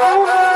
Oh,